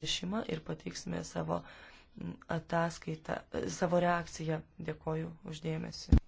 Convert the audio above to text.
pranešimą ir pateiksime savo ataskaitą, savo reakciją. Dėkoju uždėmesi.